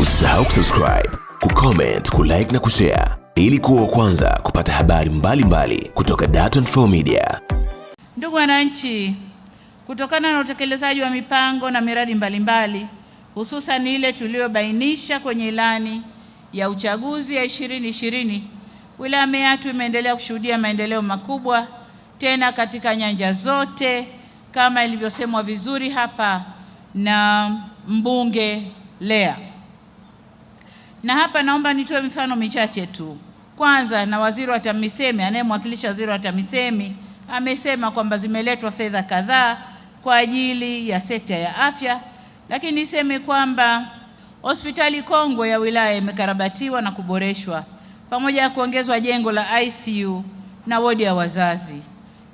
Usisahau kusubscribe, kucomment, kulike na kushare ili kuwa kwanza kupata habari mbalimbali mbali kutoka Dar24 Media. Ndugu wananchi, kutokana na utekelezaji wa mipango na miradi mbalimbali hususan ile tuliyobainisha kwenye ilani ya uchaguzi ya 2020 wilaya Meatu imeendelea kushuhudia maendeleo makubwa tena katika nyanja zote kama ilivyosemwa vizuri hapa na mbunge Lea. Na hapa naomba nitoe mifano michache tu. Kwanza, na waziri wa TAMISEMI anayemwakilisha waziri wa TAMISEMI amesema kwamba zimeletwa fedha kadhaa kwa ajili ya sekta ya afya, lakini niseme kwamba hospitali kongwe ya wilaya imekarabatiwa na kuboreshwa pamoja na kuongezwa jengo la ICU na wodi ya wazazi.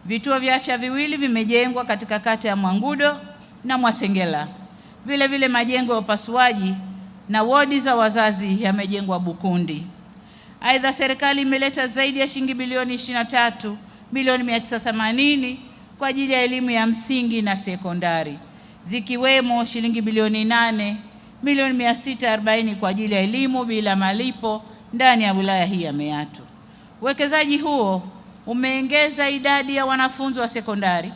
Vituo vya afya viwili vimejengwa katika kata ya Mwangudo na Mwasengela. Vile vile majengo ya upasuaji na wodi za wazazi yamejengwa Bukundi. Aidha, serikali imeleta zaidi ya shilingi bilioni 23 milioni 980 kwa ajili ya elimu ya msingi na sekondari, zikiwemo shilingi bilioni 8 milioni 640 kwa ajili ya elimu bila malipo ndani ya wilaya hii ya Meatu. Uwekezaji huo umeongeza idadi ya wanafunzi wa sekondari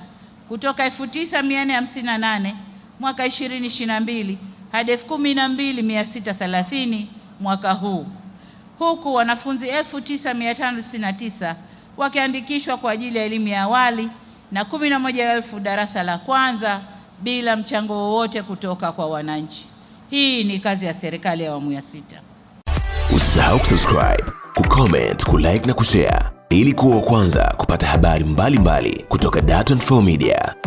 kutoka 9458 mwaka 2022 hadi 12630 mwaka huu, huku wanafunzi 9569 wakiandikishwa kwa ajili ya elimu ya awali na 11000 darasa la kwanza bila mchango wowote kutoka kwa wananchi. Hii ni kazi ya serikali ya awamu ya sita. Usisahau kusubscribe, kucomment, kulike na kushare ili kuwa wa kwanza kupata habari mbalimbali mbali kutoka Dar24 Media.